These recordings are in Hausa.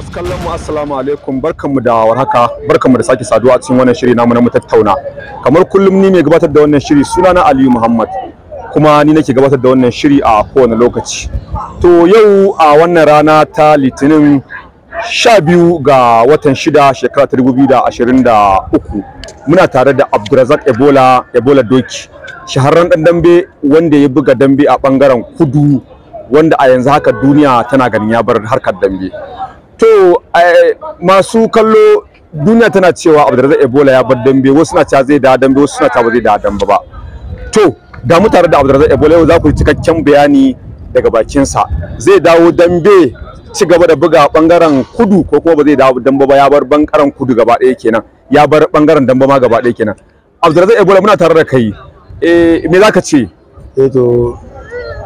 masu kallon mu assalamu alaikum barkanmu da warhaka barkanmu da sake saduwa cikin wannan shiri namu na mu tattauna kamar kullum ni mai gabatar da wannan shiri na Aliyu Muhammad kuma ni nake gabatar da wannan shiri a kowane lokaci to yau a wannan rana ta Litinin 12 ga watan 6 shekara ta 2023 muna tare da Abdulrazak Ebola Ebola Doki shahararren dan dambe wanda ya buga dambe a bangaren kudu wanda a yanzu haka duniya tana ganin ya bar harkar dambe to masu kallo duniya tana cewa abdurrazak ebola ya bar dambe wasu na cewa zai da dambe wasu suna cewa ba zai da dambe ba to da mu tare da abdurrazak ebola yau za ku cikakken bayani daga bakinsa zai dawo dambe ci gaba da buga bangaren kudu ko kuma ba zai dawo dambe ba ya bar bangaren kudu gaba ɗaya kenan ya bar bangaren dambe ma gaba ɗaya kenan abdurrazak ebola muna tare da kai eh me zaka ce eh to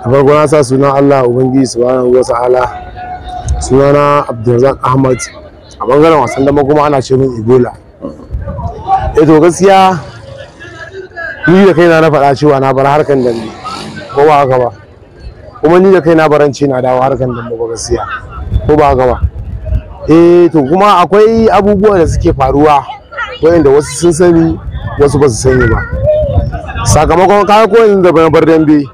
a farko na sa sunan Allah ubangiji subhanahu wa ta'ala sunana abdulrazak ahmad a bangaren wasan dama kuma ana ce min igola E eh to gaskiya ni da kaina na faɗa cewa na bar harkan dambe ko ba haka ba kuma ni da kaina baranci na dawo harkan dambe ba gaskiya ko ba haka ba eh to kuma akwai abubuwa da suke faruwa wayanda wasu sun sani wasu ba su sani ba sakamakon kaya ko yanzu da bar dambe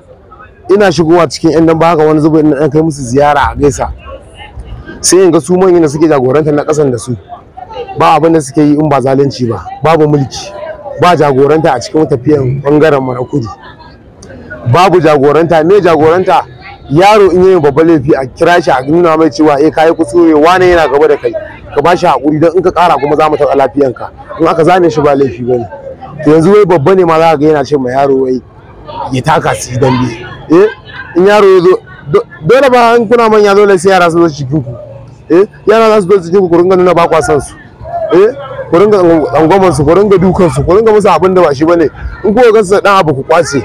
ina shigowa cikin yan dambe haka wani zubin ina kai musu ziyara a gaisa sai in ga su manyan da suke jagorantar na ƙasan da su ba abin da suke yi in ba zalunci ba babu mulki ba jagoranta a cikin tafiyan bangaren mara na babu jagoranta me jagoranta yaro in yayin babban laifi a kira shi a nuna mai cewa eh kai kuskure wane yana gaba da kai ka ba shi hakuri don in ka kara kuma za mu taɓa lafiyanka in aka zane shi ba laifi bane to yanzu wai babba ne ma za ka ga yana ce ma yaro wai ya taka su dambe eh in yaro ya zo dole ba in kuna manya dole sai yara su zo cikin ku eh yara za su zo su je ku ringa nuna ba san su eh ku ringa angwaman su ku ringa dukan su ku ringa musu abin da ba shi bane in ku ga su dan abu ku kwace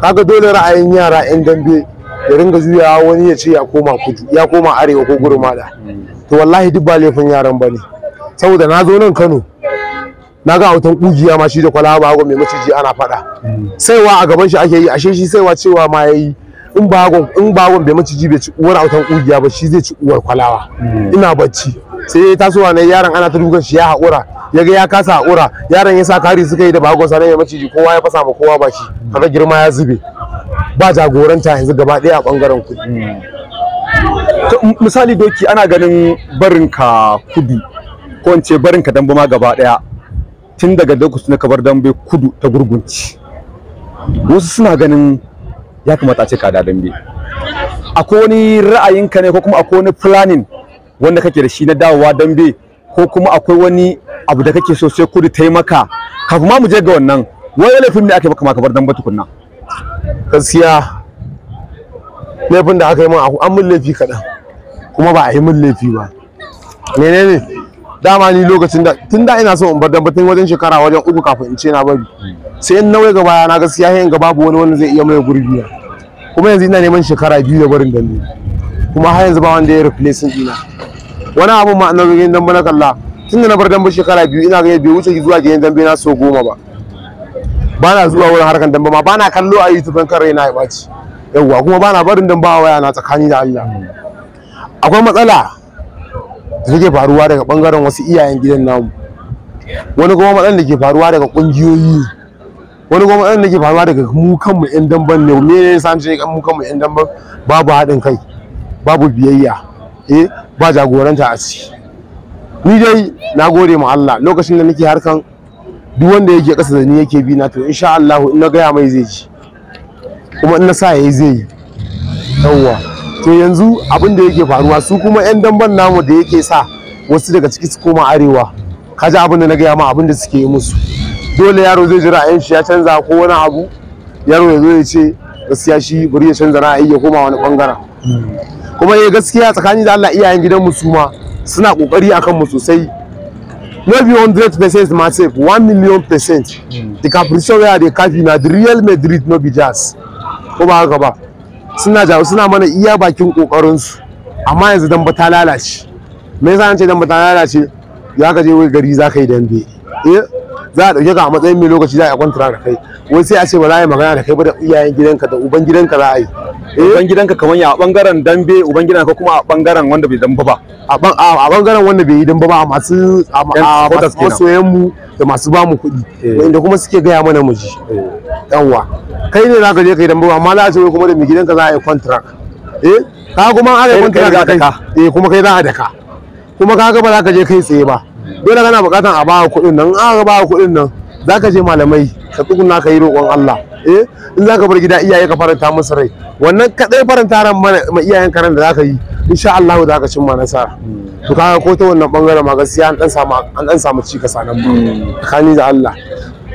kaga dole ra'ayin yara yan dambe ya ringa juyawa wani ya ce ya koma kudu ya koma arewa ko gurmada to wallahi duk ba laifin yaran bane saboda na zo nan Kano na ga autan kugiya ma shi da kwalaba hagu mai maciji ana faɗa saiwa a gaban shi ake yi ashe shi saiwa cewa ma yayi in bagon in bai maciji bai ci uwar autan kugiya ba shi zai ci uwar kwalawa hmm. ina bacci sai tasowa ne yaron ana ta dukan shi ya haƙura ya ga ya kasa haƙura yaron ya sa kari suka yi da bagon sanan ya maciji kowa ya fasa ma kowa ba shi kaga girma ya zube ba jagoranta yanzu gaba ɗaya a ɓangaren hmm. misali doki ana ganin barinka kudu ko in ce barinka dambe ma gaba ɗaya tun daga dokus na kabar dambe kudu ta gurgunci wasu suna ganin ya kamata a ce ka da dambe akwai wani ra'ayin ka ne ko kuma akwai wani planning wanda kake da shi na dawowa dambe ko kuma akwai wani abu da kake so sai kudu taimaka kafin ma mu je ga wannan wani laifin ne aka maka maka bar batu kunna gaskiya laifin da aka yi min an min laifi kaɗan kuma ba a yi mun laifi ba menene dama ni lokacin da tun da ina so in bar tun wajen shekara wajen uku kafin in ce na bari sai in nauyi gaba na gaskiya yayin ga babu wani wanda zai iya mai gurbi na kuma yanzu ina neman shekara biyu da barin dambe kuma har yanzu ba wanda ya replace ina wani abu ma annabi ganin dambe na kalla tun da na bar dambe shekara biyu ina ganin bai wuce zuwa gidan dambe na so goma ba ba na zuwa wurin harkan dambe ma ba na kallo a youtube kan raina ya ɓaci yawwa kuma ba na barin dambe a waya na tsakani da Allah akwai matsala da ke faruwa daga bangaren wasu iyayen gidan namu wani kuma matsalar da ke faruwa daga kungiyoyi wani kuma matsalar da ke faruwa daga mu kanmu yan damban ne me ne yasa ce mu kanmu yan damban babu haɗin kai babu biyayya eh ba jagoranta a ci. ni dai na gode ma Allah lokacin da nake harkan duk wanda yake ƙasa da ni yake bi na to insha Allah in na gaya mai zai ji kuma in na sa yayi zai yi yawwa to yanzu abin da yake faruwa su kuma 'yan damban namu da yake sa wasu daga ciki su koma arewa kaji abin da na gaya ma abin da suke yi musu dole yaro zai jira ra'ayin shi ya canza ko wani abu yaro ya zo ya ce gaskiya shi bari ya canza ra'ayi ya koma wani bangaren kuma eh gaskiya tsakani da Allah iyayen gidan mu su ma suna kokari akan mu sosai maybe 100% massive 1 million percent the capricious where they kafi na the real Madrid no be jazz ko ba haka ba suna ja suna mana iya bakin kokarin su amma yanzu damba ta lalace me yasa an ce ba ta lalace ya ka je wai gari za ka yi dambe eh za a dauke ka a matsayin mai lokaci za a kwantara da kai wai sai a ce ba za a yi magana da kai ba da iyayen gidanka da uban gidanka za a yi Eh? ubangidanka kamar ya bangaren dambe ubangidanka kuma a bangaren wanda bai damba ba a bangaren wanda bai yi damba ba masu masoyan mu da masu ba mu kuɗi eh. wanda kuma suke gaya mana mu ji eh. yawwa kai ne zaka je kai damba ba amma za ce kuma da mai gidanka za a yi contract eh ka kuma an yi contract kai eh kuma kai za a daka kuma ka ga ba za ka je kai tsaye ba dole kana bukatan a ba kuɗin nan a ba kuɗin nan za ka je malamai ka tsuguna ka yi roƙon Allah eh in za ka bar gida iyaye ka faranta musu rai wannan kadai faranta ran ma iyayen karan da za ka yi insha Allah za ka cimma nasara to kaga ko ta wannan bangare ma gaskiya an dan samu an dan samu nan tsakani da Allah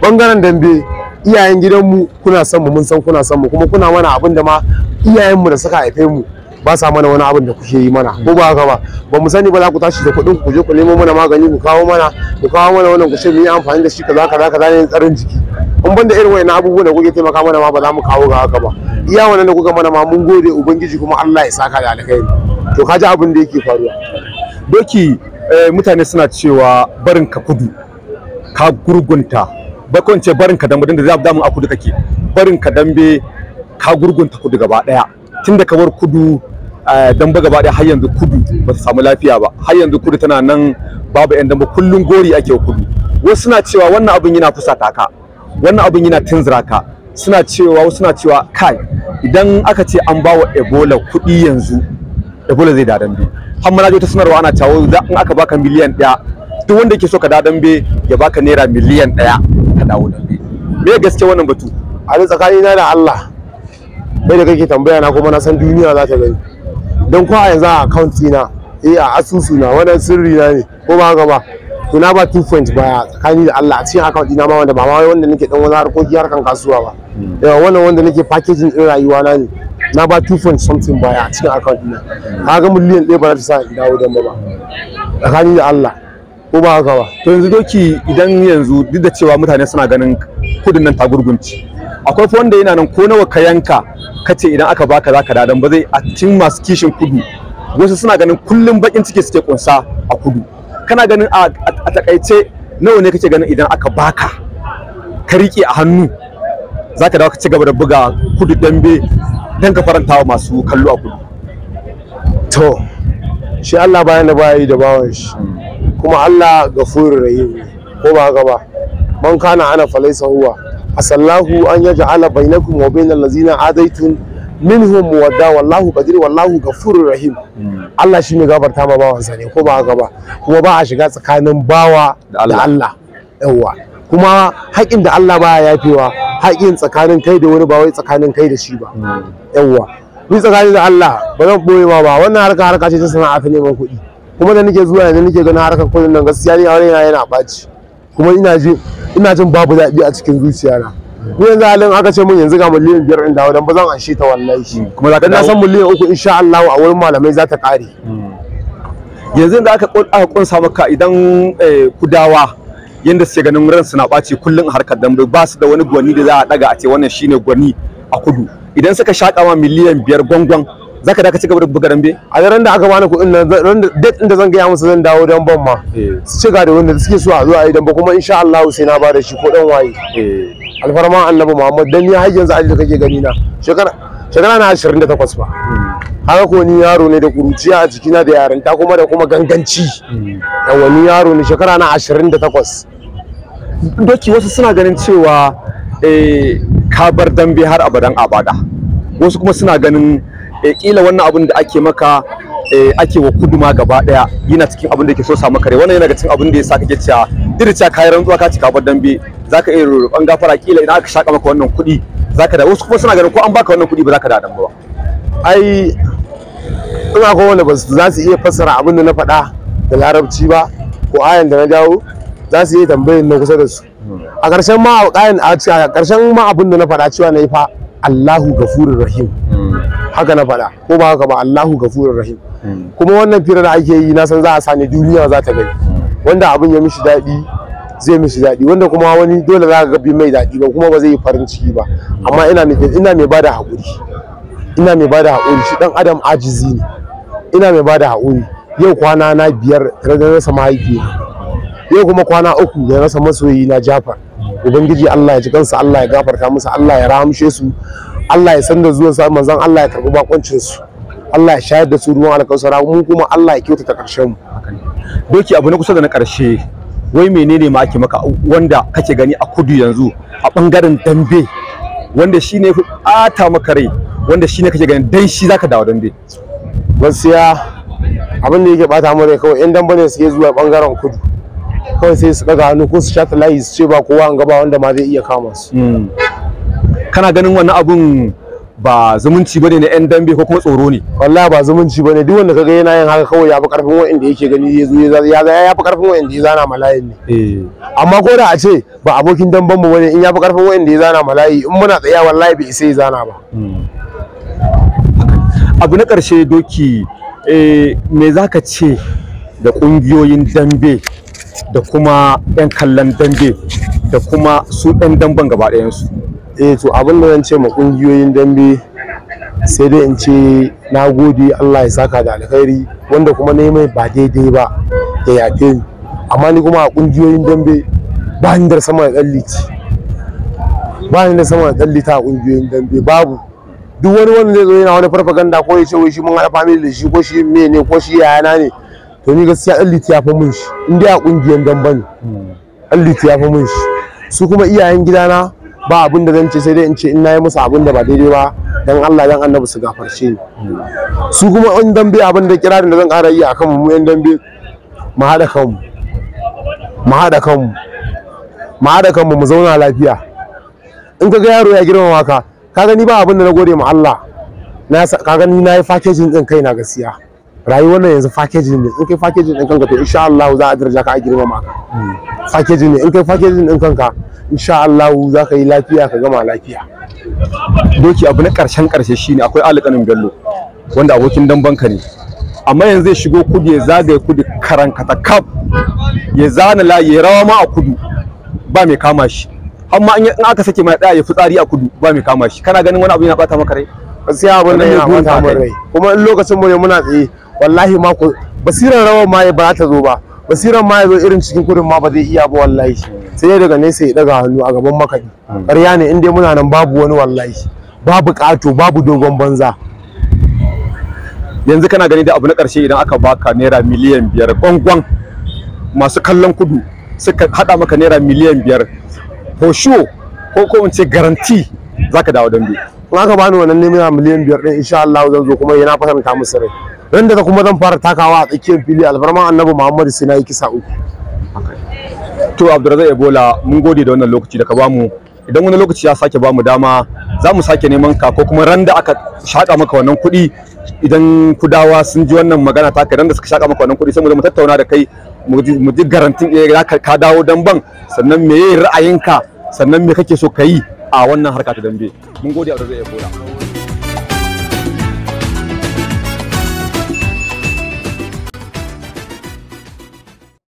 bangaren dambe iyayen gidanmu kuna son mu mun san kuna son mu kuma kuna mana abin da ma iyayenmu da suka haife mu ba sa mana wani abin da kuke yi mana ko ba haka ba ba mu sani ba za ku tashi da kuɗin ku je ku nemo mana magani ku kawo mana ku kawo mana wannan ku mu yi amfani da shi kaza kaza kaza ne tsarin jiki in banda irin wayannan abubuwan da kuke taimaka mana ma ba za mu kawo ga haka ba iya wannan da kuka mana ma mun gode ubangiji kuma Allah ya saka da alkhairi to kaji abin da yake faruwa doki eh, mutane suna cewa barin ka kudu ka gurgunta ce barin ka dambe da damun a kudu kake barin ka dambe ka gurgunta kudu gaba daya Tunda da ka kudu ba gaba ɗaya har yanzu kudu ba ta samu lafiya ba har yanzu kudu tana nan babu yan damba kullum gori ake kudu wasu suna cewa wannan abin yana fusata ka wannan abin yana tunzura ka suna cewa wasu suna cewa kai idan aka ce an ba wa ebola kuɗi yanzu ebola zai dadan bi har mana ta sanarwa ana cewa in aka baka miliyan ɗaya duk wanda yake so ka dadan be ya baka naira miliyan ɗaya ka dawo dambe me gaske wannan batu a tsakani na da Allah bai da kake tambaya na kuma na san duniya za ta gani don kwa yanzu a account na eh a asusu na wannan sirri na ne ko ba haka ba to na ba 2 point baya tsakani da Allah a cikin account ina ma wanda ba ma wanda nake dan wani harkoki harkan kasuwa ba hmm. yawa wannan wanda nake packaging din rayuwa na ne na ba 2 point something baya a cikin account ina ga miliyan ɗaya ba za ta sa in dawo dan ba tsakani da Allah ko ba haka ba to yanzu doki idan yanzu duk da cewa mutane suna ganin kudin nan ta gurgunci akwai fa wanda yana nan ko nawa ka yanka kace idan aka baka zaka da dan ba zai a cikin masu kishin kudu wasu suna ganin kullum bakin ciki suke kunsa a kudu kana ganin a takaice nawa ne kake ganin idan aka baka ka rike a hannu zaka dawo ka ci gaba da buga kudu dambe dan ka faranta wa masu kallo a kudu to shi Allah bayan da bayi da bawan shi kuma Allah gafurur rahim ko ba haka ba man kana ana falaisa huwa asallahu an ala bainakum wa bainal ladzina adaitun minhum wadda wallahu qadir wallahu ghafurur rahim Allah shi ne gabarta ma bawansa ne ko ba haka ba kuma ba a shiga tsakanin bawa da Allah yawa kuma haƙin da Allah baya yafewa haƙin tsakanin kai da wani ba wai tsakanin kai da shi ba yawa ni tsakanin da Allah ba zan boye ma ba wannan harka harka ce ta sana'a ta neman kuɗi kuma da nake zuwa yanzu nake ganin harkar kuɗin nan gaskiya ne a yana yana ɓaci kuma ina je ina jin babu daɗi a cikin zuciyana ni yanzu halin aka ce mun yanzu ga miliyan biyar in dawo dan ba zan anshe ta wallahi mm, kuma zaka na san miliyan uku insha Allah a wurin malamai za ta ƙare mm. yanzu da aka aka kunsa maka idan eh, kudawa yanda suke ganin ran suna ɓaci kullum a harkar dambe ba su da wani gwani da za a daga a ce wannan shine gwani a kudu idan suka shaƙa ma miliyan biyar gwangwan zaka da ka cigaba da buga dambe a daren da aka bani kuɗin nan ran da inda zan gaya musu zan dawo dan ban ma eh. su ci ga da wanda suke so a zo a yi damba kuma insha Allah sai na bada shi ko dan waye eh. alfarma annabi Muhammad dan ni har yanzu aji da kake gani na shekara shekara na 28 fa hmm. haka ko ni yaro ne da kuruciya a na da yarinta kuma da kuma ganganci hmm. yawa wani yaro ne shekara na 28 doki wasu suna ganin cewa eh ka bar dambe har abadan abada wasu kuma suna ganin e kila wannan abin da ake maka e ake wa kuduma gaba daya yana cikin abin da yake so samu kare wannan yana ga cikin abin da yasa kake cewa irin cewa kayan rantsuwa ka cika babban dambe zaka iya roƙon gafara kila idan aka shaka maka wannan kuɗi zaka da wasu kuma suna ganin ko an baka wannan kuɗi ba zaka da dan ba ai ina ko wanda ba za su iya fassara abin da na faɗa da larabci ba ko ayan da na jawo za su iya tambayin na kusa da su a ƙarshen ma a ƙarshen ma abin da na faɗa cewa na yi fa Allahu gafurur rahim haka na faɗa ko ba haka ba Allahu gafurur rahim kuma wannan firar da ake yi na san za a sani duniya za ta gani wanda abin ya mishi daɗi zai mishi daɗi wanda kuma wani dole za ka bi mai daɗi ba kuma ba zai yi farin ciki ba amma ina mai ina mai bada haƙuri ina mai bada haƙuri shi dan adam ajizi ne ina mai bada haƙuri yau kwana na biyar da rasa mahaifi yau kuma kwana uku da rasa masoyi na jafar ubangiji Allah ya ji kansa Allah ya gafarta musu Allah ya rahamshe su Allah ya san da zuwan sa manzon Allah ya karbi bakoncin su Allah ya shayar da su ruwan alkausara mu kuma Allah ya kyautata karshen mu doki abu na kusa da na karshe wai menene ma ake maka wanda kake gani a kudu yanzu a bangaren dambe wanda shine ya fi ɓata maka rai wanda shine kake gani, dan shi zaka dawo dambe gaskiya abin da yake bata mu rai kawai in dambe ne suke zuwa bangaren kudu kawai sai su daga hannu ko su sha layi su ce ba kowa an gaba wanda ma zai iya kama su hmm. kana ganin wannan abun ba zumunci bane na yan dambe ko kuma tsoro ne wallahi ba zumunci bane duk wanda kaga yana yin haka kawai ya fi karfin wa'anda yake gani ya zo ya za ya fi karfin wa'anda ya zana malayin ne eh. amma ko da a ce ba abokin damban mu bane in ya fi karfin wa'anda ya zana malayi in muna tsaya wallahi bai isa ya zana ba hmm. abu na karshe doki eh, me zaka ce da kungiyoyin dambe da kuma yan kallon dambe da kuma su ɗan damban gaba ɗayansu eh to abin da zan ce ma kungiyoyin dambe sai dai in ce na gode Allah ya saka da alkhairi wanda kuma na mai ba daidai ba ya yafe ni amma ni kuma a kungiyoyin dambe ba ni da sama da kallici ba ni da sama da kallita a kungiyoyin dambe babu duk wani wanda zai zo yana wani farfaganda ko ya ce wai shi mun haɗa family da shi ko shi me ne ko shi yana ne to ni gaskiya kalliti ya fi mun shi in dai a kungiyan dambe ne kalliti ya fi mun shi su kuma iyayen gidana ba abin da zan ce sai dai in ce in nayi musu abin da ba daidai ba dan Allah dan Annabi su gafarce ni su kuma in dambe abin da kirarin da zan ƙara yi akan mu yan dambe mu haɗa kanmu mu haɗa kanmu mu haɗa kanmu mu zauna lafiya in ka ga yaro ya girmama ka ka gani ba abin da na gode ma Allah na ka gani na yi fakejin ɗin kai na gaskiya rayuwar nan yanzu fakejin ne in kai fakejin din kanka to insha Allah za a daraja ka a girmama ka fakejin ne in kai fakejin din kanka insha Allah za ka yi lafiya ka gama lafiya doki abu na karshen karshe shine akwai alƙanin bello wanda abokin dan banka ne amma yanzu zai shigo kudu ya zagaye kudu karankata kaf ya zana layi ya rawa ma a kudu ba mai kama shi amma in aka sake mai daya ya fitsari a kudu ba mai kama shi kana ganin wani abu yana bata maka rai sai abin nan ya bata maka rai kuma in lokacin mu ne muna tsaye wallahi ma ku basiran rawar ma ba ta zo ba basirar ma ya zo irin cikin kudin ma ba zai iya ba wallahi sai daga nesa ya daga hannu a gaban makaɗi hmm. ƙarya ne in dai muna nan babu wani wallahi babu ƙato babu dogon banza yanzu kana gani da abu na ƙarshe idan aka baka naira miliyan biyar gwangwan masu kallon kudu suka haɗa maka naira miliyan biyar hosho ko ko in ce garanti za dawo dambe in aka bani wannan naira miliyan biyar ɗin insha Allah zan zo kuma yana fasanta musu rai don daga kuma zan fara takawa a tsakiyar fili alfarman annabi muhammadu sai na yi kisa uku to abdurrazak ebola mun gode da wannan lokaci da ka bamu idan wani lokaci ya sake bamu dama za mu sake neman ka ko kuma ran da aka shaƙa maka wannan kuɗi idan kudawa sun ji wannan magana taka ran da suka shaƙa maka wannan kuɗi sai mu mu tattauna da kai mu ji garantin eh ka dawo dan ban sannan meye ra'ayinka sannan me kake so ka yi a wannan harka ta dambe mun gode abdurrazak ebola